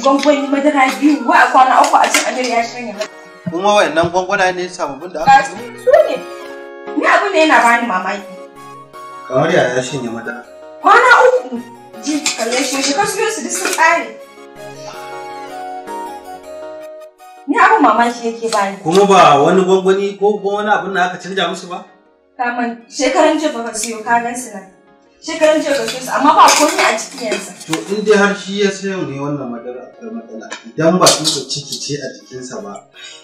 gwangwani madara biyu wa a kwana uku a cin abin ya shanya kuma wayannan gwangwana ne sababbin da aka su su ne ni abin da yana bani mamaki kamar yaya ya shanya madara kwana uku ji kalle shi shi kasu su duk sun tsare ni abin mamaki yake bani kuma ba wani gwangwani ko wani abin da aka canja musu ba kaman shekaran jiya ba ka siyo ka gan su nan Shekaran jiya ka su amma ba komai a cikin yanzu. To in dai har shi ya sayo ne wannan madara da matsala idan ba tsutsar ciki ce a jikinsa ba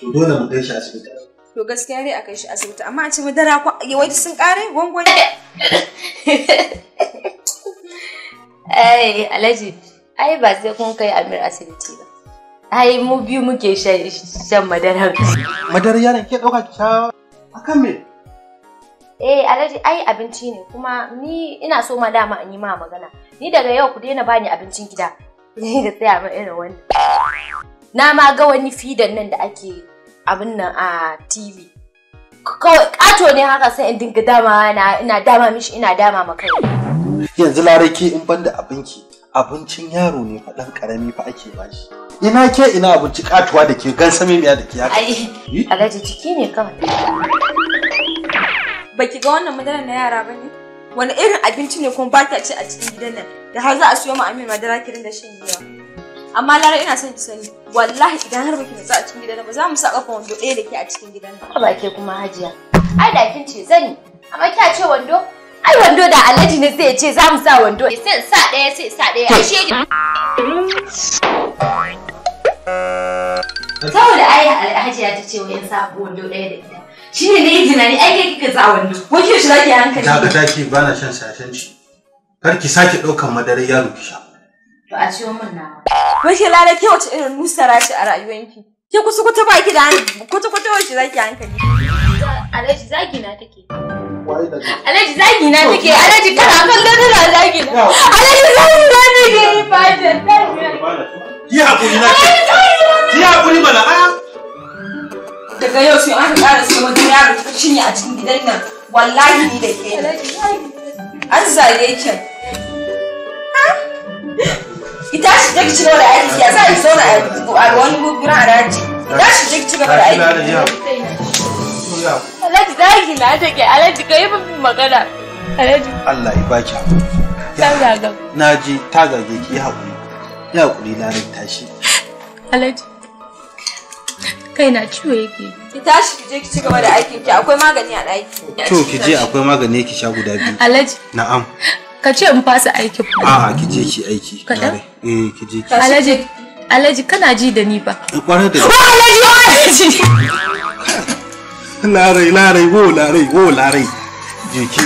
to dole mu kai shi asibiti. To gaskiya dai a kai shi asibiti amma a ce madara ko yawanci sun kare gwangwani. Ai Alhaji ai ba sai kun kai Amir asibiti ba. Ai mu biyu muke shan madarar. Madarar yaron ke ɗauka ki sha akan me? eh alaji ai abinci ne kuma ni ina so ma dama in yi ma magana ni daga yau ku daina bani abincin gida ni da tsaya ma irin wani na ma ga wani fidan nan da ake abin nan a tv kawai kato ne haka sai in dinga dama na ina dama mishi ina dama ma kai yanzu ke in banda abinki abincin yaro ne fa dan karami fa ake bashi ina ke ina abinci katuwa da ke gan samimiya da ke haka alhaji ciki ne kawai baki ga wannan madara na yara ba ne wani irin abinci ne kuma ba ta ci a cikin gidan nan da har za a siyo ma amin madara kirin da shan giya amma lara ina son ki sani wallahi idan har baki nutsa a cikin gidan nan ba za mu sa kafa wando ɗaya da ke a cikin gidan nan ba ke kuma hajiya ai da kin ce zani amma kya ce wando ai wando da alhaji ne zai ce za mu sa wando sai sa ɗaya sai sa ɗaya ai shege saboda ai alhaji ya ta ce wayan sa wando ɗaya da ita shi ne na yi tunani ai kai kika tsa wannan ko ki shi zaki hankali na ka daki ba na shan shashanci kar ki sake ɗaukan madarar yaro ki sha to a ciwo min na wace lala ke wace irin nusara ce a rayuwanki ke kusa kuta ba ki da hankali kuta kuta wace zaki hankali alaji zagi na take Alhaji zagi na take Alhaji kana kallon tana zagi na Alhaji zagi na take ba Ki hakuri na Ki hakuri mana aya daga yau sai an ƙara samun yaro ta cinye a cikin gidan nan wallahi ni da ke an zage ki ki tashi je ki ci gaba da aiki ya za a yi sauna a wani guguran araji ki tashi je ki ci gaba da aiki Alhaji zagi na take Alhaji ka yi mafi magana Alhaji Allah ya baki haƙuri na ji ta zage ki ya haƙuri ya haƙuri larin tashi Alhaji kai na ciwo yake ki tashi ki je ki ci gaba da aikin ki akwai magani a ɗaki to ki je akwai magani ki sha guda biyu alhaji na'am ka ce in fasa aiki a'a ki je ki aiki kaɗan eh ki je ki alhaji alhaji kana ji da ni ba kwarar eh, da alhaji alhaji larai larai wo larai wo larai je ki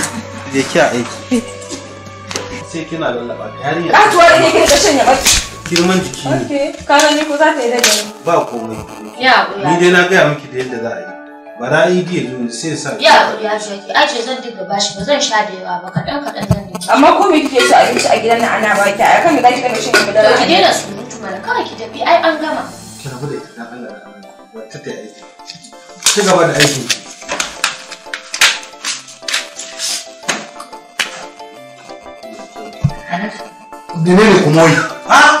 je ki a aiki sai kina lallaba yarinya a tuwa ne ke ka shanya baki girman jiki ne. Okay, kaga ko za ta yi da gani. Ba komai. Ya Ni dai na gaya miki da yadda za a yi. Ba a yi biye zuwa sai sa. Ya ya shaki. Ai ce zan dinga bashi ba zan sha da yawa ba kaɗan kaɗan zan dinga. Amma ko me kike so abinci a gidan nan ana ba ki a kan da kike kana shin da dare. Ki daina surutu mana kawai ki tafi ai an gama. Ki rabu da ita dan Allah. Wata ta aiki. Ci gaba da aiki. ki. Menene kuma yi?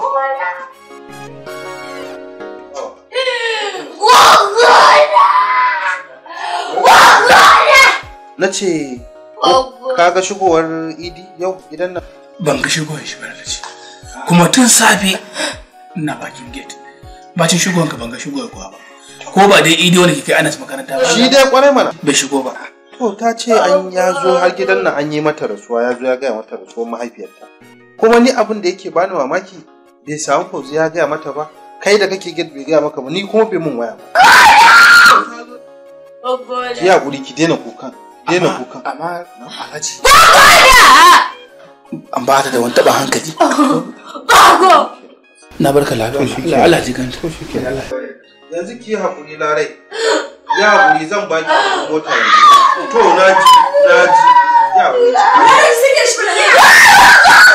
na ce ka ga shigowar idi yau idan na ban ga shigowar shi da ce kuma tun safe na bakin gate cin shigowar ka ban ga shigowar kuwa ba ko ba dai idi wani kai anas makaranta ba shi dai kwarai mana bai shigo ba to ta ce an ya zo har gidan nan an yi mata rasuwa ya zo ya gaya mata rasuwar mahaifiyarta kuma ni abin da yake bani mamaki bai samu fauzi ya gaya mata ba kai da kake gate bai gaya maka ba ni kuma bai mun waya ba. Ki ya ki daina kukan. daina kuka amma alhaji an ba ta da wani taba hankali bago na barka lafiya Allah ji ganta yanzu ki hakuri larai ya hakuri zan ba ki mota yanzu to na ji na ji ya hakuri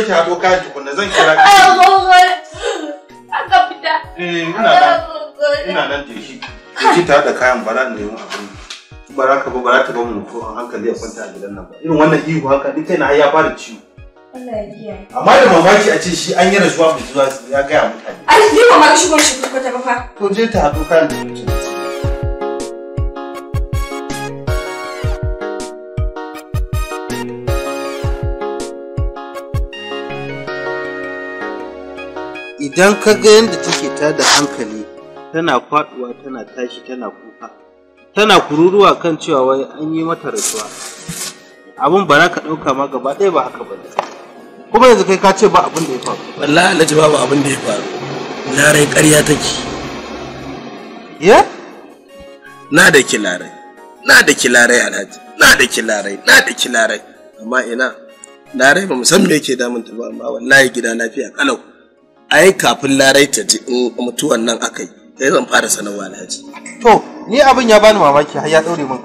je ki haɗo kayan tukunna zan kira ki. Aka fita. Eh ina nan. Ina nan da shi. Ki ta kayan bara ne mu abin. Bara ka ba bara ta ba mu ko an hankali ya kwanta a gidan nan ba. Irin wannan ihu haka duk kaina har ya fara ciwo. Amma da mamaki a ce shi an yi rasuwa mu zuwa ya gaya mutane. Ai, ni mamaki shi ba shi ta ba fa. To je ta haɗo kayan da mutum. idan ka ga yadda take ta da hankali tana faduwa tana tashi tana kuka tana kururuwa kan cewa wai an yi mata rasuwa abin ba za ka ɗauka ma gaba ɗaya ba haka ba kuma yanzu kai ka ce ba abin da ya faru wallahi alhaji babu abin da ya faru larai ƙarya take ya na da kilarai larai na da kilarai larai alhaji na da kilarai larai na da kilarai larai amma ina larai ba mu san me yake damun ta ba amma wallahi gida lafiya kalau ai kafin larai ta ji in mutuwan nan aka yi sai zan fara sanarwa alhaji to ni abin ya bani mamaki har ya daure min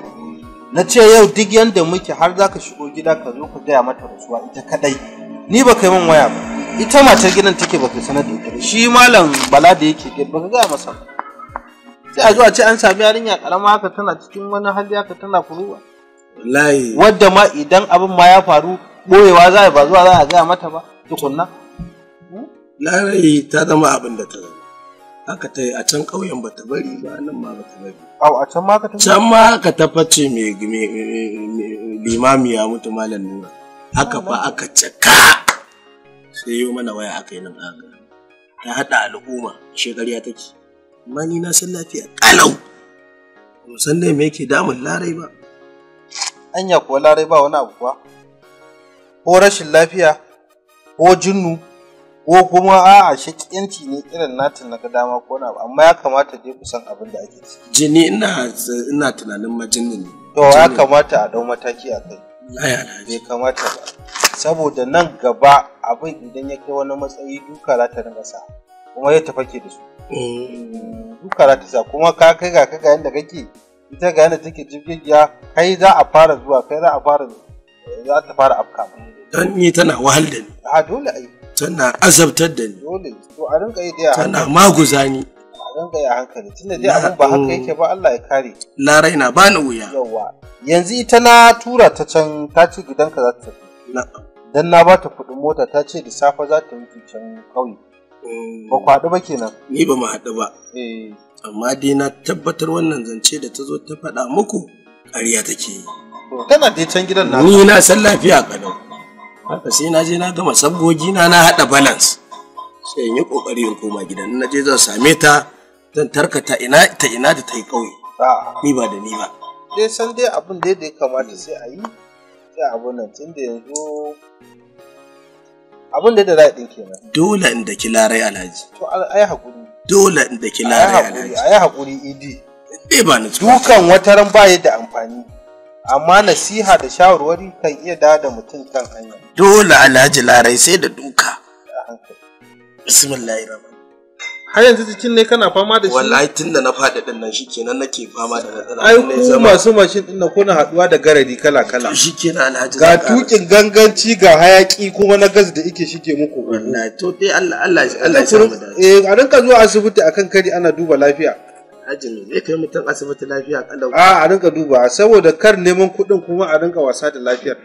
na ce yau duk yanda muke har za ka shigo gida ka zo ka gaya mata rasuwa ita kadai ni ba kai min waya ba ita matar gidan take ba ka sanar da ita shi malam bala da yake gidan ba ka gaya masa ba sai a zuwa ce an sami yarinya karama haka tana cikin wani hali haka tana kuruwa wallahi wadda ma idan abin ma ya faru boyewa za a ba zuwa za a gaya mata ba tukunna larai ta zama abin da ta zama haka ta yi a can ƙauyen ba ta bari ba nan ma ba ta bari au a can ma ka ta can ma haka ta face mai limami ya mutu malam nura haka fa aka cika sai yo mana waya aka yi nan aka ta haɗa al'umma ya take amma ni na san lafiya ƙalau ba san dai me yake damun larai ba anya kuwa larai ba wani abu kuwa ko rashin lafiya ko jinnu ko kuma a'a shakiyanci ne irin natin na dama ko na amma ya kamata dai kusan abin da ake ciki jini ina ina tunanin majinin ne to ya kamata a dau mataki a kai bai kamata ba saboda nan gaba abin idan ya kai wani matsayi duka za ta ringa sa kuma ya ke da su mm. duka za ta sa kuma ka kai ga kaga yanda kake ita ga yanda take jirgiya kai za a fara zuwa kai za a fara za ta fara afka don ni tana wahal da ni a dole ai tana azabtar da ni tana maguza ni rinka yi a hankali tunda dai ba haka yake ba Allah ya kare bani wuya yawa yanzu ita na tura ta can ta ce gidanka za ta na dan na bata kuɗin mota ta ce da safe za ta mutu can kauye mm. ba ku haɗu ba kenan ni ba mu haɗu ba eh. amma dai na tabbatar wannan zance da ta zo ta faɗa muku ƙarya take yi tana dai can gidan na ni na san lafiya kanau. haka sai na je na gama sabgogi na na hada balance sai in yi ƙoƙari in koma gidan na je zan same ta zan tarkata ina ta ina da ta yi ƙauye ni ba da ni ba dai san dai abin da ya kamata sai a yi sai abin nan tun da yanzu abin da da za ɗin kenan dole in ki larai alhaji to ai hakuri dole in ki larai alhaji ai hakuri idi eh ba ni dukan wataran ba yadda amfani amma nasiha da shawarwari kan iya dawo da mutum kan hanya dole alhaji larai sai da duka bismillahir har yanzu cikin ne kana fama da shi wallahi tun da na faɗi din nan shikenan nake fama da natsala. ai ku masu mashin din nan kuna haɗuwa da garadi kala kala shikenan alhaji ga tukin ganganci ga hayaki kuma na gas da yake shike muku wallahi to dai Allah Allah Allah ya samu da eh a rinka zuwa asibiti akan kari ana duba lafiya ajimi zai kai mutum asibiti lafiya kalau a ah, a rinka duba saboda kar neman kuɗin kuma a rinka wasa da lafiyar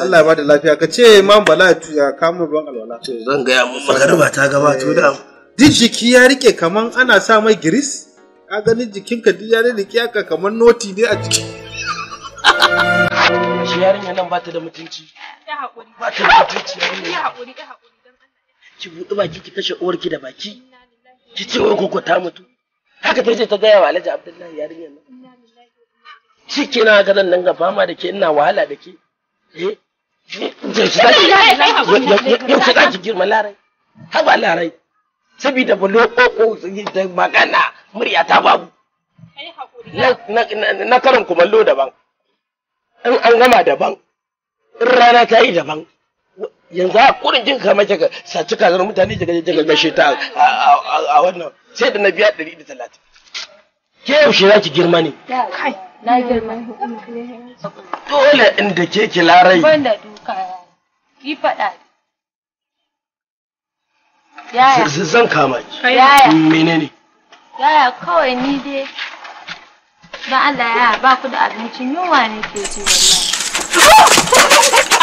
Allah ya ba da lafiya ka ce man bala ya kama ban alwala to zan gaya mu magarba ta gabato da eh, duk jiki ya rike kaman ana sa mai giris ka ganin jikinka duk ya rike ka kaman noti ne a jiki shi yarinya nan bata da mutunci ya hakuri bata da mutunci yarinya ya hakuri ya hakuri ki buɗe baki ki kashe uwarki da baki ki ce wai koko ta mutu haka ta ce ta gaya wa alhaji abdullahi yarinyar nan shi ke na haka nan ga fama da ke ina wahala da ke yaushe za ki girma larai haba larai saboda ba lokoko da magana murya ta babu na karin kumallo daban in an gama daban in rana ta yi daban yanzu a kurin jin kama ke saci kazar mutane daga gaje ga gashe ta a wannan sai da na biya ɗari da talatin. Ke yaushe za ki girma ne? Kai, na girma. Dole inda ke ki larai. Ban da duka Ki faɗa. Yaya. Zan kama ki. Yaya. Mm, ne? Yaya kawai ni dai. ba Allah ya, ba ku da abincin yunwa ne ke ji wallahi.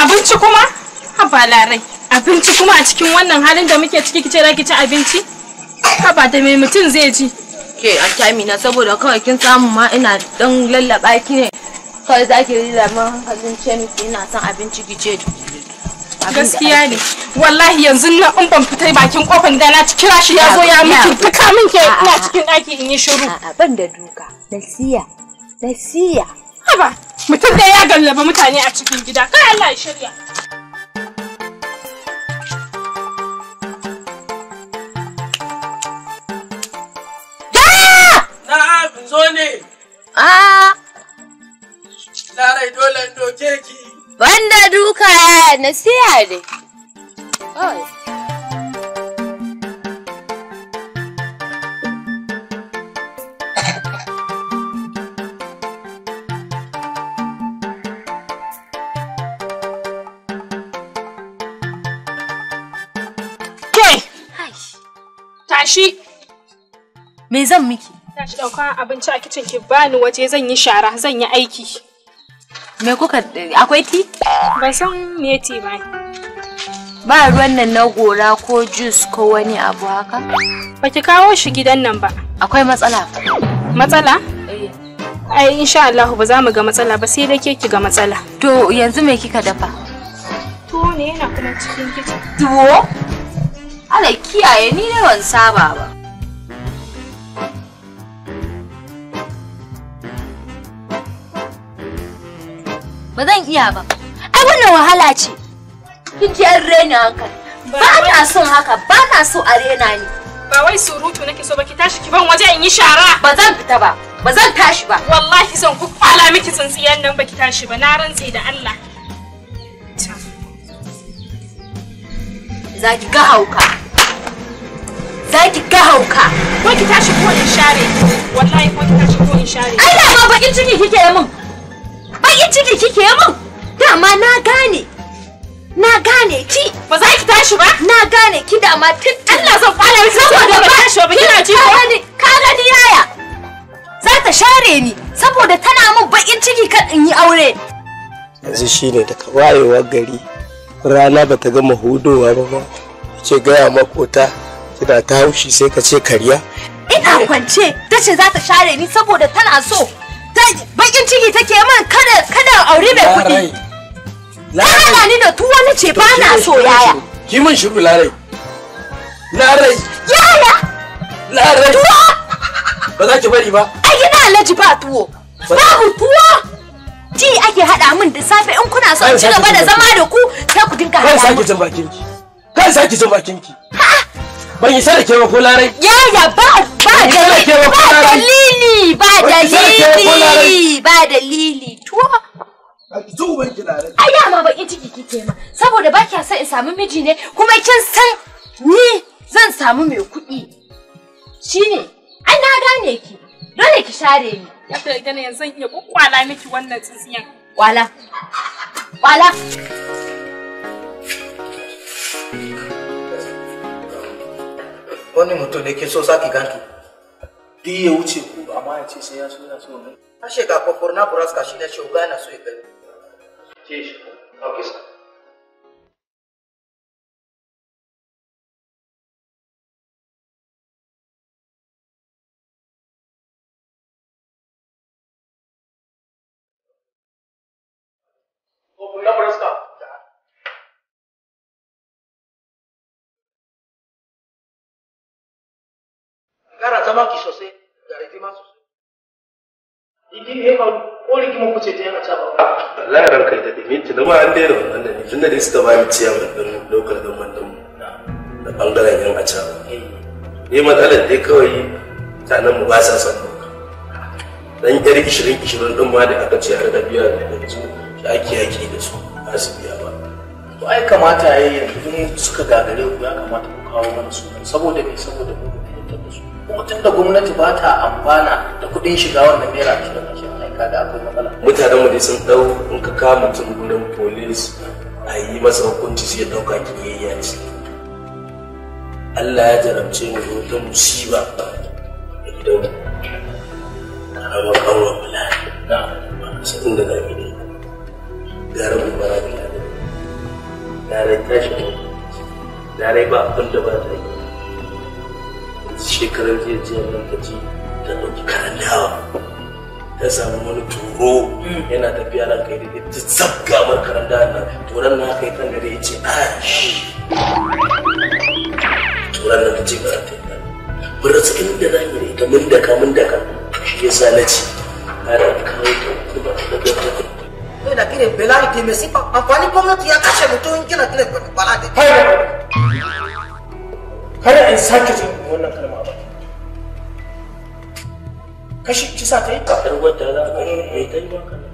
Abinci kuma? haba larai abinci kuma a cikin wannan halin da muke ciki kice ki ci abinci haba da mai mutum zai ji ke anti amina saboda kawai kin samu ma ina dan lallaba ki ne kawai zaki rila ma hankalin ce miki ina son abinci kice gaskiya ne wallahi yanzu na in ban fita bakin kofar da na kira shi ya zo ya miki duka min ke ina cikin daki in yi shiru ban da duka nasiya nasiya haba mutum da ya gallaba mutane a cikin gida kai Allah ya shirya nasiha ne Tashi! Me zan miki? Tashi ɗauka abinci a kicin ki bani waje zan yi shara zan yi aiki. Me kuka akwai ti? Ba san me ti ba. Ba ruwan nan na gora ko juice ko wani abu haka? Ba ki kawo shi gidan nan ba. Akwai matsala. Matsala? Eh. Ai insha Allah ba za mu ga matsala ba sai dai ke ki ga matsala. To yanzu me kika dafa? To ne yana kuma cikin kicin. Tuwo? Ala kiyaye ni ne ban saba ba. ba zan iya ba ai wannan wahala ce kin an rena hankali ba na son haka ba na so a rena ni ba wai surutu nake so ba ki tashi ki ban waje in yi shara ba zan fita ba ba zan tashi ba wallahi zan ku fala miki tsintsiyan nan ba ki tashi ba na rantse da Allah za ki ga hauka za ki ga hauka ko ki tashi ko in share wallahi ko ki tashi ko in share Allah ma bakin ciki kike yi min baƙin ciki kike min dama na gane na gane ki ba za ki tashi ba na gane ki dama tun Allah zan fara saboda ba tashi ba kina ji ko ka gani yaya za ta share ni saboda tana min baƙin ciki kan in yi aure yanzu shine daga wayewar gari rana ba ta gama hudowa ba ba ce gaya makota kina ta haushi sai ka ce karya ina kwance tace za ta share ni saboda tana so bakin ciki take min kada kada aure mai kuɗi ta hana ni da tuwa na ce bana so yaya ki min shiru larai larai yaya larai tuwa ba za ki bari ba Ai gida alaji ba tuwo babu tuwa ji ake hada min da safe in kuna son ci gaba da zama da ku sai ku dinga haɗa kan saki jin bakin ki kan saki jin bakin ki ban yi sai da ke ba ko larai yaya ba ba dalili ba dalili ba dalili tuwa ai ciki kike ma saboda ba kya son in samu miji ne kuma kin san ni zan samu mai kuɗi shine ai na gane ki dole ki share ni ya fi gane zan iya kwakwala miki wannan tsintsiyan kwala kwala wani mutum ne ke so sa ki gantu duk ya wuce ku amma ya ce sai ya so yana so ne. Kashe ga buras buraska shi na ce yana so ya gani. Ke shi, maki sosai da rigima sosai rigima ma ori ko rigima kuce ta yana caba Allah ya ranka da dimi tunda ma an daina wannan da tun da suka ba mu ciyar da dan lokal gaban dan da bangaren yan acaba eh. ne dalal dai kawai nan mu ba sa son dan yar 20 20 din ma da aka ce har da biya da yanzu ake yaki da su ba su biya ba to ai kamata yayi yanzu suka gagare ku ya kamata ku kawo mana su saboda me saboda mu kuma tun da gwamnati ba ta amfana da kuɗin shiga wannan naira da kashin aika da akwai matsala mutanen mu dai sun dau in ka kama mutum gudan polis a yi masa hukunci sai ya ɗauka kiyayya ce Allah ya jarabce mu zo wata musiba da gidanmu raba kawo bala na sanin da zafi ne gara mu bara da gara tashin gara ba abin da ba ta yi shekarar jiya jiya nan ta ji ta ɗauki kanan dawa ta samu wani turo yana tafiya nan kai da ta zabga mar kanan dawa nan turan na kai kan gare ya ce ash turan nan ta ce ba ta yi ba rasa inda za mu ta mun daka mun daka shi ya sa na ce ci ana kawo ta kuma ta daga ta kai gaba na kile belani kimesipa amfani gwamnati ya kashe mutum kina kile balade kada in sake jin wannan kalma ba kashi sa ta yi kafin wadda za a yi mai eh, ta yi ba kana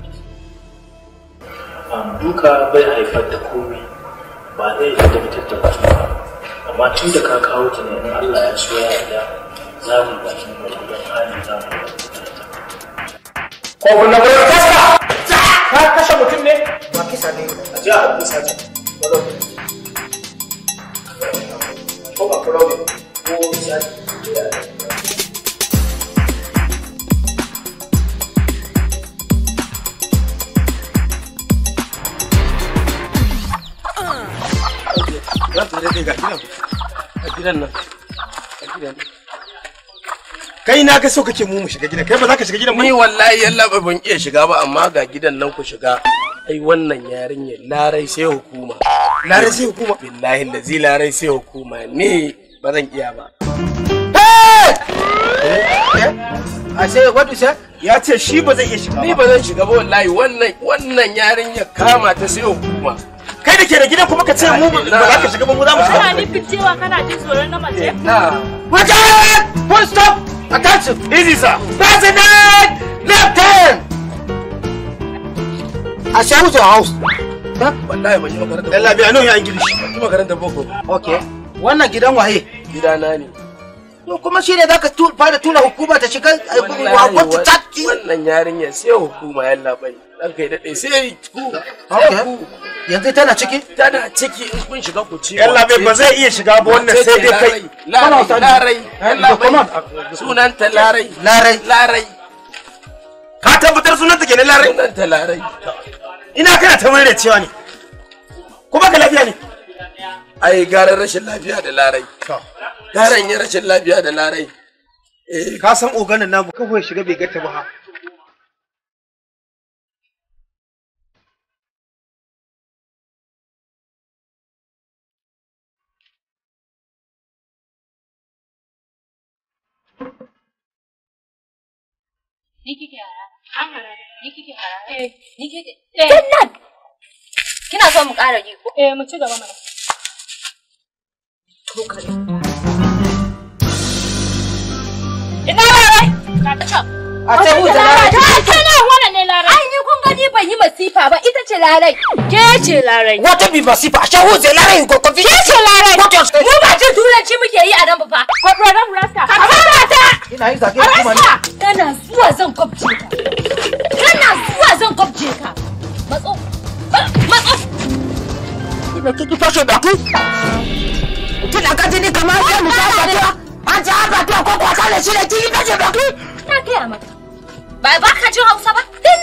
duka bai haifar da komai ba zai yi da mutum da ba amma tun da ka kawo ne allah ya so ya da za mu bakin gwargwadon halin za mu ko kuna gwargwadon kasa ka kashe mutum ne ba kisa ne a ji a abu sace kai na ga so kake mu mu shiga gidan kai ba za ka shiga gidan ba ni wallahi yalla ban iya shiga ba amma ga gidan nan ku shiga ai wannan yarinyar larai sai hukuma larai sai hukuma billahi lazi larai sai hukuma ne ba zan iya ba eh? ashe wadu sha ya ce shi ba zai iya shiga ni ba zan shiga ba wallahi wannan wannan yarinya kama ta sai hukuma kai da ke da gidan kuma ka ce mu ba za ka shiga ba mu za mu shiga kana nufin cewa kana jin tsoron na mace wajen full stop attention easy sir president left hand ashe mu house makaranta? Wallahi ban yi makaranta. Dan labiya nan ya English. makaranta boko. Okay. Wannan gidan waye? Gidana ne. To kuma shi ne zaka fara tura hukuma ta shiga hukumar ta ci. Wannan yarinya sai hukuma yalla bai. Dan kai sai ku. Okay. Yanzu tana ciki? Tana ciki in kun shiga ku ci. Yalla bai ba zai iya shiga ba wannan sai dai kai. Larai. Larai. Yalla eh, Sunanta Larai. Larai. Larai. Ka tabbatar sunanta kenan Larai? Sunanta Larai. ina kana ta murna cewa ne kuma ka lafiya ne ai garan rashin lafiya da larai garan yin rashin lafiya da larai eh. ka san oganin namu kawai shiga bai gata ba Ni kike hara. Ni kike hara. Eh, ni kike. Eh. Jannan. Kina so mu ƙara ji ko? Eh, mu ci gaba mana. To kare. Ina ba rai. Ka ta. A ta buta na. Ta ta na larai. Ai ni kun gani ban yi masifa ba ita ce larai. Ke ce larai. Wata bi masifa a shahu zai larai ko kofi. Ke ce larai. Mu ba jin turanci muke yi a nan ba fa. Ko ran rasta. Ka kama ta. Ina yi zage kuma ni. Kana zuwa zan kwabce ka. Kana zuwa zan kwabce ka. Matso. Matso. Ina kiki fashe da ku. Kina ka jini kamar sai mu ta fatuwa. An ci har fatuwa ko kwa kala shi da kiki fashe da ku. Na gaya maka. Ba ba ka ji Hausa ba? Din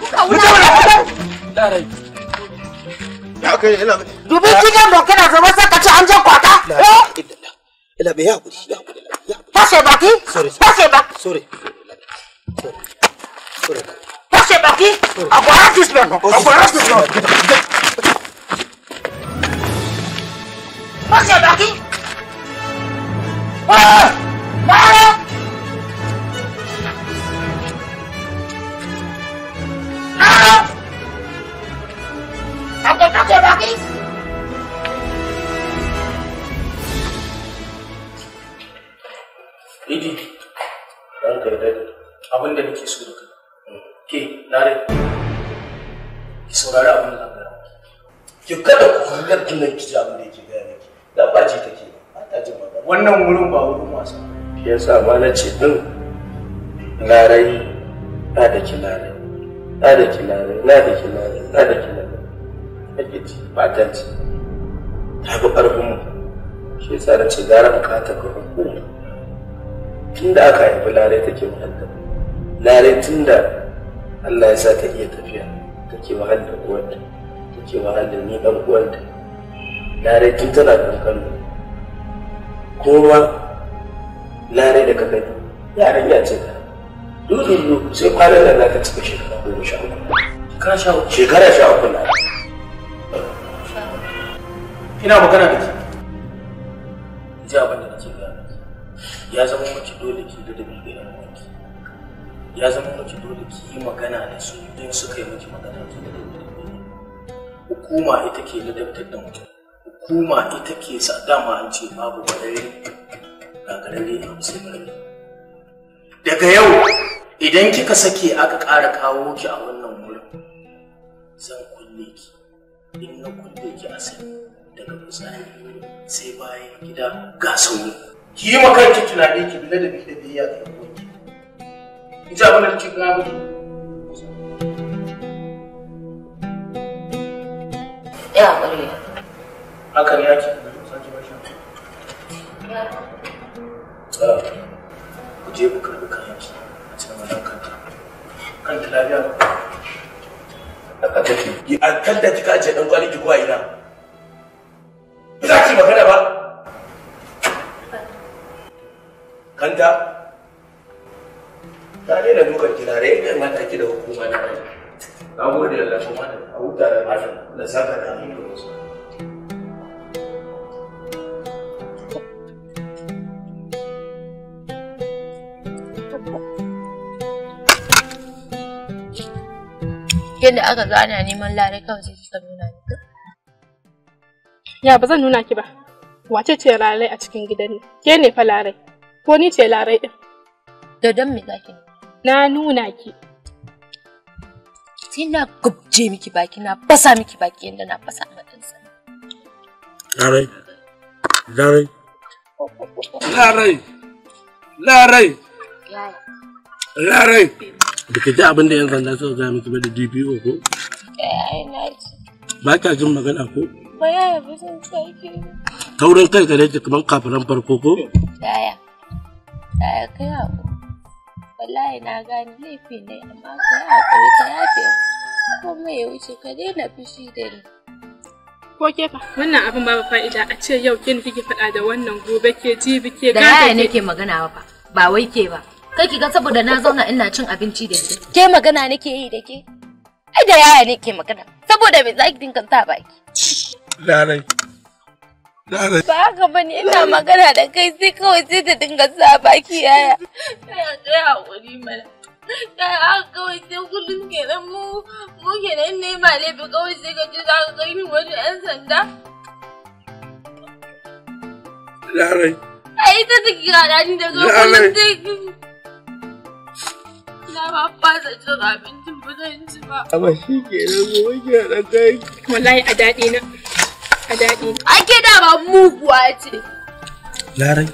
dubi gidan don kana zama sai ka ce an je kwata ila bai hakuri ya hakuri fashe baki fashe baki sorry sorry fashe baki abu hatis nan abu hatis nan fashe baki Ah! Ah! abin da nake so da kai ke lare ki saurari abin da zan gaya ki kada ku kullum nan ki ji abin da yake gaya miki da ba ji take ba ta ji magana wannan wurin ba wurin wasa ki ya sa ba na ce din larai na da ki larai na da ki larai na da ki larai na da ki larai ake ci ba ta ci ta fi ƙarfin mu shi ya sa na ce gara a kata ka hukuma tun da aka haifi larai take muhaddaba larai tun da Allah ya sa ta iya tafiya take wahal da uwanta take wahal da ni dan uwanta larai tun tana kankan kuma larai da kakai yaran ya ce ka dudu sai kwanan na ka cika shekara goma sha uku shekara sha uku shekara sha uku na ina magana da ke ji abin da nake gaya ya zama mace dole ki da dabi da ya zama mace dole ki yi magana da su in suka yi miki magana ki da hukuma ita ke ladabtar da mutum hukuma ita ke sa dama an ce babu barare garare a musulmi daga yau idan kika sake aka ƙara kawo ki a wannan wurin zan kulle ki in na kulle ki a sani daga fitsari sai bayan gida ga sauri ki yi makarki tunani ki bi ladabi da biyayya ga in ji abin da kike gaya miki ya ƙware haka ne yake sake bashi ku je ku karɓi kayanki a cikin wannan kanta kanta lafiya haka take yi a kan da kika ce ɗan kwaliki ko a ina za ki magana ba kanta mata ake da hukuma na mai na gode da lafi mana a huta da lafi da saka da hannu da wasu yadda aka zo ana neman lare kawai sai kika nuna ni ya ba zan nuna ki ba wace ce larai a cikin gidan ne ke ne fa larai ko ni ce larai din da don me zaki na nuna ki sai na gubje miki baki na fasa miki baki yadda na fasa matan sa larai larai larai larai larai da ji abin da yan sanda suka gaya miki ba da dpo ko ba ka jin magana ko ba ya yabi sun tsaki taurin kai ka ne kamar kafiran farko ko yaya yaya kai haƙuri wallahi na gane laifi ne amma ka yi haƙuri ka yafe kuma ya wuce ka daina fushi da ni. Ko ke fa wannan abin babu fa'ida a ce yau kin kike faɗa da wannan gobe ke ji bike da yaya nake magana fa ba wai ke ba kai ki ga saboda na zauna ina cin abinci da ke. Ke magana nake yi da ke? Ai da yaya nake magana saboda me za ki dinga baki. lalai Ba haka ba ne ina magana da kai sai kawai sai ta dinga sa baki yaya. Ta kai haƙuri mana. Yaya haka kawai sai kullum kenan mu mu kenan ne ma laifi kawai sai ka ji za ka kai ni wani 'yan sanda. Larai. Ai ita take gada ni da ga kullum sai Na ba fasa cin abincin ba zan ci ba. Amma shi kenan mu wake da kai. Wallahi a daɗi na. maka daɗi ake dama muguwa ce larai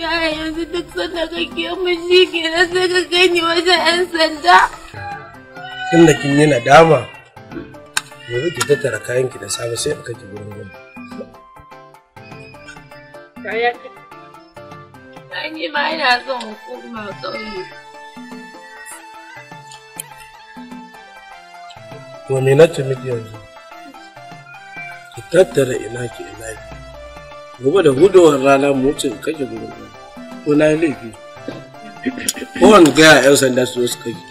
yaya yanzu duk sanda kake mishi ke na sai ka gani wajen 'yan sanda tunda kin yi nadama yanzu ki tattara kayanki da safe sai aka ki gurin gudu kaya ni ma ina son koma ƙauye to me na ta miki yanzu ki tattara ina ki ina ki gobe da gudowar rana mutum kake gurin ko na yi laifi kowane gaya 'yan sanda su suka yi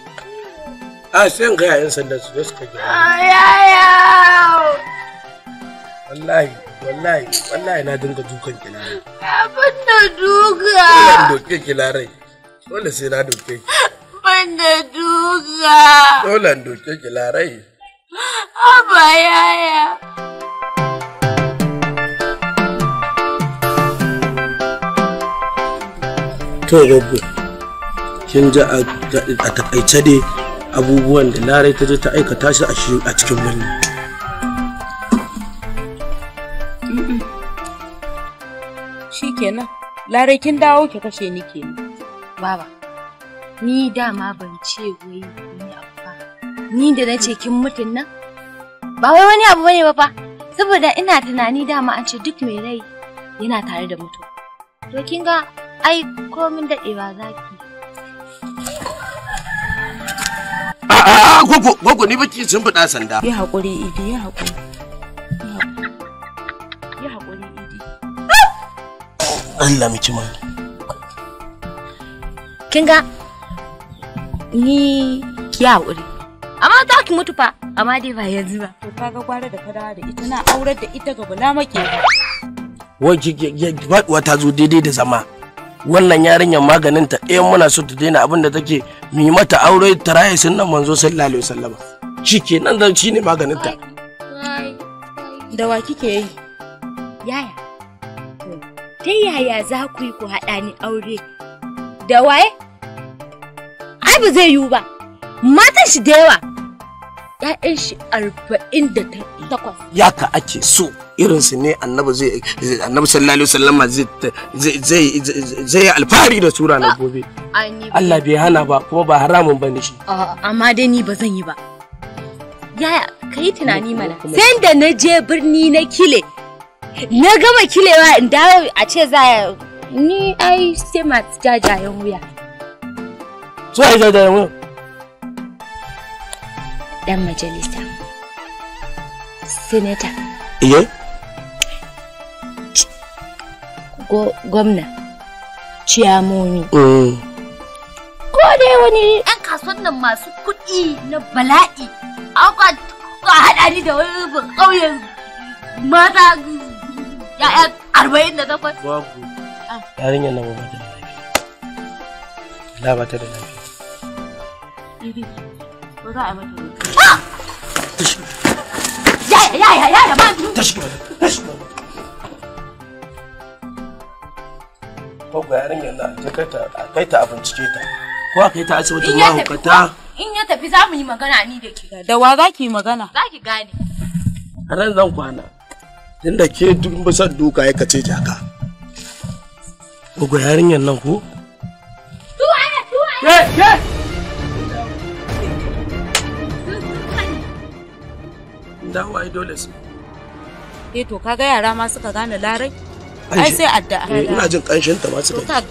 a sai gaya 'yan sanda su suka yi wallahi wallahi wallahi na dinga dukan na abin da duka ban doke kilarai dole sai na doke ki ban da duka dole doke larai. Haba yaya. To babu kin ji a takaice dai abubuwan da larai ta je ta aikata shi a cikin birni. Shi kenan, larai kin dawo ki kashe ni kenan. Baba, ni dama ban ce wai ni abu ni da na ce kin mutun nan ba wai wani abu bane ba fa saboda ina tunani dama an ce duk mai rai yana tare da mutu to kin ga ai komin dadewa zaki a'a gogo gogo ni baki sun fada sanda Yi hakuri idi Yi hakuri yi hakuri idi Allah miki ma kin ga ni ki hakuri ma za ki mutu fa amma dai ba yanzu ba to kaga gwara da ka dawo da ita na aurar da ita ga bula make wa ta zo daidai da zama wannan yarinyar maganin ta ɗayan eh, muna so ta daina abin da take mi mata aure ta raye sunnan manzo sallallahu alaihi wasallama shike nan dan shine maganin ta da wa kike yi yaya ta yaya za ku yi ku haɗa ni aure da waye ai ba zai yiwu ba matan shi da yawa 'ya'yan shi arba'in da takwas. Ya ka ake so irinsu ne annabi zai annabi sallallahu alaihi wasallama zai zai alfahari da sura na gobe. Allah bai hana ba kuma ba haramun ba ne shi. Amma dai ni ba zan yi ba. Yaya ka yi tunani mana. Sai da na je birni na kile. Na gama kilewa in dawo a ce za ni ai sai masu jajayen wuya. Zuwa jajayen wuya. dan majalisa senator iye eh? gwamna ciyamomi ko dai wani yan kasuwan nan masu kuɗi na bala'i Akwa ka haɗa ni da wani ƙauyen mata ya'ya arba'in da takwas babu ah. yarinyar nan ba da lafiya ba ta da lafiya ko za a mata ne ya ya ya ya ya ba tashi tashi ko ga yarinyar nan ta kai ta kai ta abincike ta ko kai ta asibitin mahaukata in ya tafi za mu yi magana ni da ke da wa za ki yi magana za ki gane a zan kwana tunda ke duk bisan duka ya kace jaka ko ga nan ko tuwa tuwa ye ye dawo ai dole su eh to kaga yara ma suka gane larai ai sai addu'a eh, ina jin kanshin ta ma suka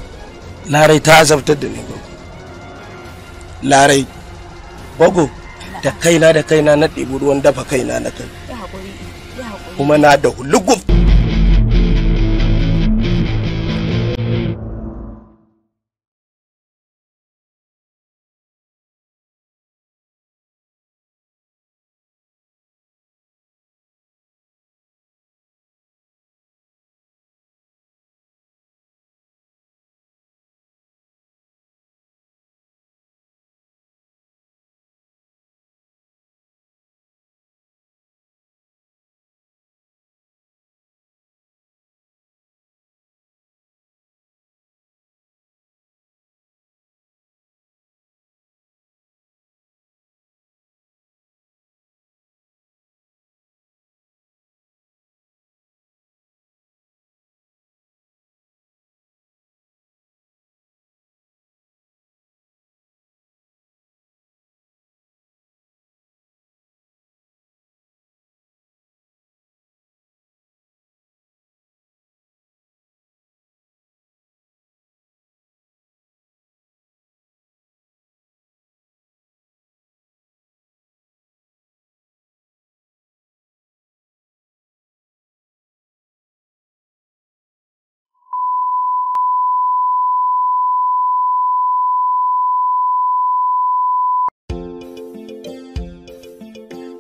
larai ta azabtar da ni larai bago da kaina da kaina na ɗebi ruwan dafa kaina na kai kuma na da lugub